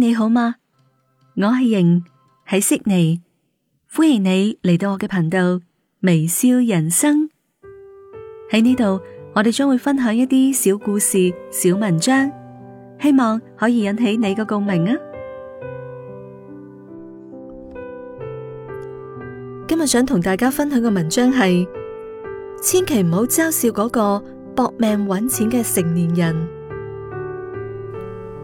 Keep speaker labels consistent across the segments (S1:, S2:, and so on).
S1: 你好嗎？我係瑩，喺悉尼，歡迎你嚟到我嘅頻道微笑人生。喺呢度，我哋將會分享一啲小故事、小文章，希望可以引起你嘅共鳴啊！今日想同大家分享嘅文章係：千祈唔好嘲笑嗰個搏命揾錢嘅成年人。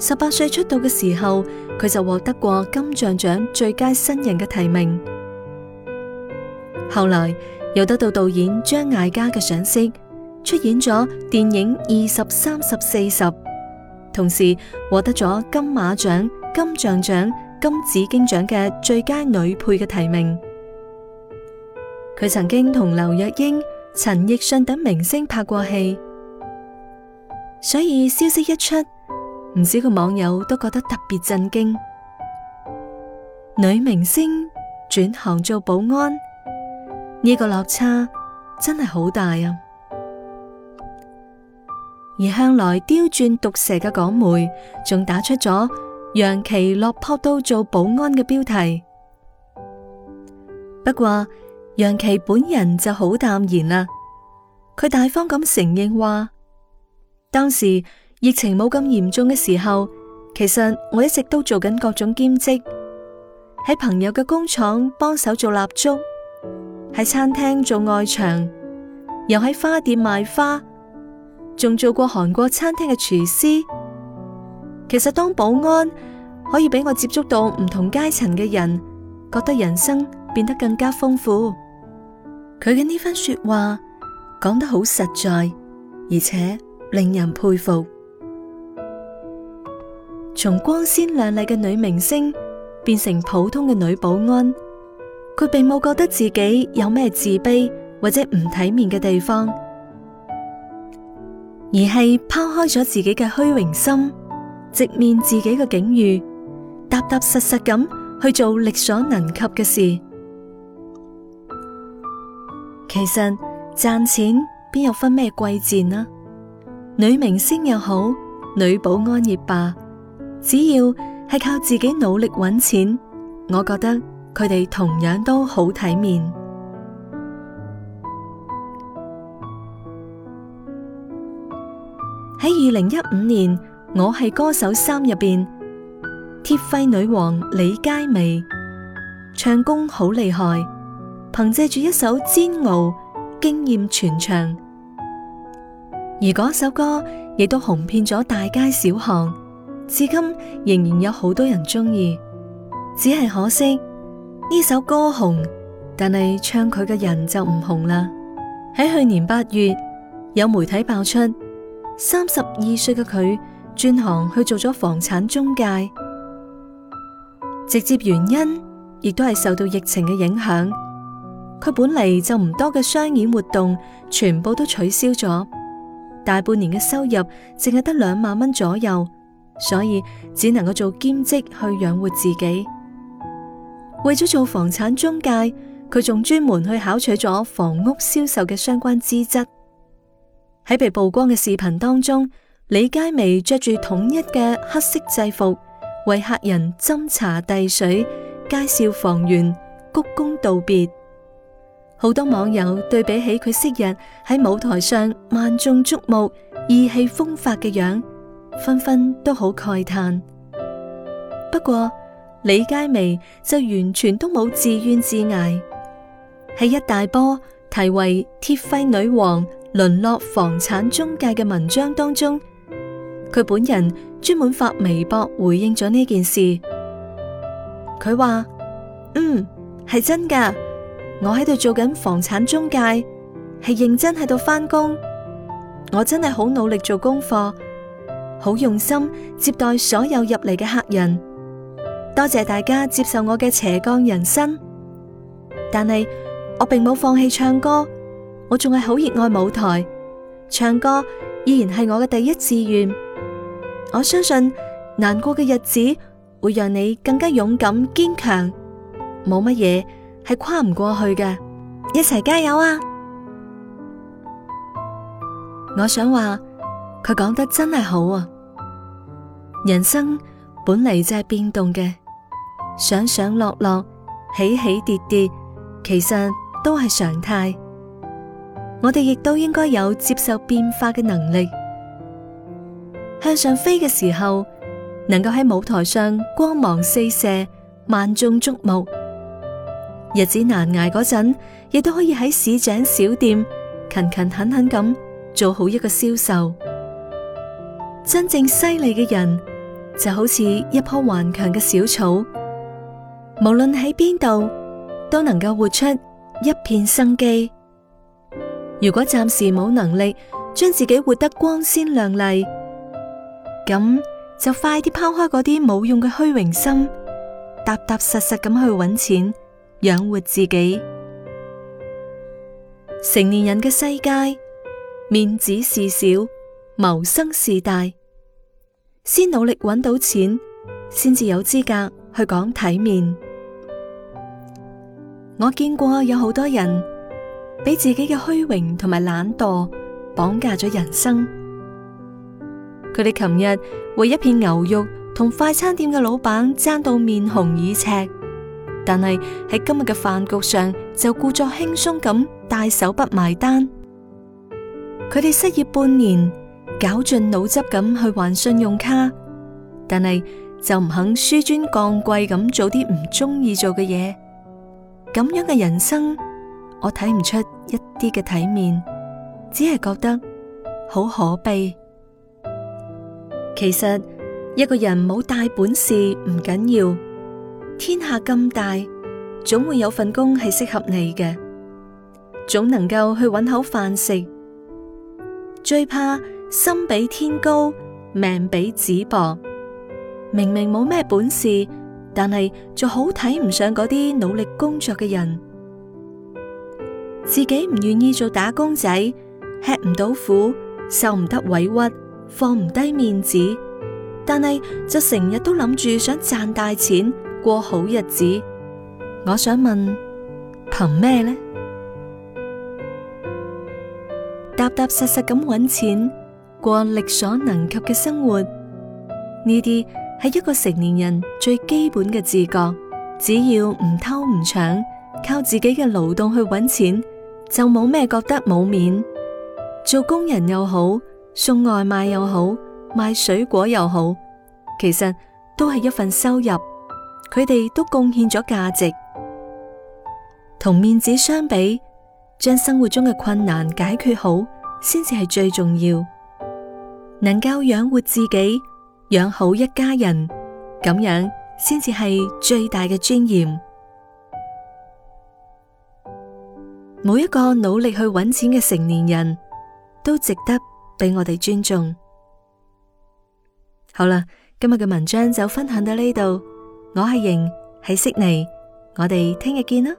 S1: 十八歲出道嘅時候，佢就獲得過金像獎最佳新人嘅提名。後來又得到導演張艾嘉嘅賞識，出演咗電影《二十三十四十》，同時獲得咗金馬獎、金像獎、金紫荊獎嘅最佳女配嘅提名。佢曾經同劉若英、陳奕迅等明星拍過戲，所以消息一出。唔少個網友都覺得特別震驚，女明星轉行做保安，呢個落差真係好大啊！而向來刁鑽毒舌嘅港媒，仲打出咗楊奇落魄到做保安嘅標題。不過楊奇本人就好淡然啦，佢大方咁承認話當時。疫情冇咁嚴重嘅時候，其實我一直都做緊各種兼職，喺朋友嘅工廠幫手做蠟燭，喺餐廳做外牆，又喺花店賣花，仲做過韓國餐廳嘅廚師。其實當保安可以俾我接觸到唔同階層嘅人，覺得人生變得更加豐富。佢嘅呢番說話講得好實在，而且令人佩服。從光鮮亮麗嘅女明星變成普通嘅女保安，佢並冇覺得自己有咩自卑或者唔體面嘅地方，而係拋開咗自己嘅虛榮心，直面自己嘅境遇，踏踏實實咁去做力所能及嘅事。其實賺錢邊有分咩貴賤啊？女明星又好，女保安亦罷。只要係靠自己努力揾錢，我覺得佢哋同樣都好體面。喺二零一五年《我係歌手三》入邊，鐵肺女王李佳薇唱功好厲害，憑借住一首《煎熬》驚艷全場，而嗰首歌亦都紅遍咗大街小巷。至今仍然有好多人鍾意，只係可惜呢首歌紅，但係唱佢嘅人就唔紅啦。喺去年八月，有媒體爆出，三十二歲嘅佢轉行去做咗房產中介，直接原因亦都係受到疫情嘅影響。佢本嚟就唔多嘅商演活動，全部都取消咗，大半年嘅收入淨係得兩萬蚊左右。所以只能夠做兼職去養活自己。為咗做房產中介，佢仲專門去考取咗房屋銷售嘅相關資質。喺被曝光嘅視頻當中，李佳薇着住統一嘅黑色制服，為客人斟茶遞水、介紹房源、鞠躬道別。好多網友對比起佢昔日喺舞台上萬眾矚目、意氣風發嘅樣。紛紛都好慨嘆，不過李佳薇就完全都冇自怨自艾。喺一大波題為《鐵肺女王淪落房產中介》嘅文章當中，佢本人專門發微博回應咗呢件事。佢話：嗯，係真噶，我喺度做緊房產中介，係認真喺度返工，我真係好努力做功課。好用心接待所有入嚟嘅客人，多謝大家接受我嘅斜槓人生。但係我並冇放棄唱歌，我仲係好熱愛舞台，唱歌依然係我嘅第一志願。我相信難過嘅日子會讓你更加勇敢堅強，冇乜嘢係跨唔過去嘅，一齊加油啊！我想話。佢講得真係好啊！人生本嚟就係變動嘅，上上落落，起起跌跌，其實都係常態。我哋亦都應該有接受變化嘅能力。向上飛嘅時候，能夠喺舞台上光芒四射，萬眾矚目；日子難捱嗰陣，亦都可以喺市井小店勤勤懇懇咁做好一個銷售。真正犀利嘅人就好似一棵頑強嘅小草，無論喺邊度，都能夠活出一片生機。如果暫時冇能力將自己活得光鮮亮麗，咁就快啲拋開嗰啲冇用嘅虛榮心，踏踏實實咁去搵錢養活自己。成年人嘅世界，面子事小，謀生事大。先努力揾到錢，先至有資格去講體面。我見過有好多人俾自己嘅虛榮同埋懶惰綁架咗人生。佢哋琴日為一片牛肉同快餐店嘅老闆爭到面紅耳赤，但係喺今日嘅飯局上就故作輕鬆咁大手筆埋單。佢哋失業半年。絞盡腦汁咁去還信用卡，但係就唔肯輸尊降貴咁做啲唔中意做嘅嘢。咁樣嘅人生，我睇唔出一啲嘅體面，只係覺得好可悲。其實一個人冇大本事唔緊要，天下咁大，總會有份工係適合你嘅，總能夠去搵口飯食。最怕。心比天高，命比紙薄。明明冇咩本事，但係就好睇唔上嗰啲努力工作嘅人。自己唔願意做打工仔，吃唔到苦，受唔得委屈，放唔低面子，但係就成日都諗住想賺大錢，過好日子。我想問，憑咩呢？踏踏實實咁揾錢。過力所能及嘅生活，呢啲係一個成年人最基本嘅自覺。只要唔偷唔搶，靠自己嘅勞動去搵錢，就冇咩覺得冇面。做工人又好，送外賣又好，賣水果又好，其實都係一份收入，佢哋都貢獻咗價值。同面子相比，將生活中嘅困難解決好，先至係最重要。能夠養活自己，養好一家人，咁樣先至係最大嘅尊嚴。每一個努力去揾錢嘅成年人，都值得俾我哋尊重。好啦，今日嘅文章就分享到呢度，我係瑩喺悉尼，y，我哋聽日見啦。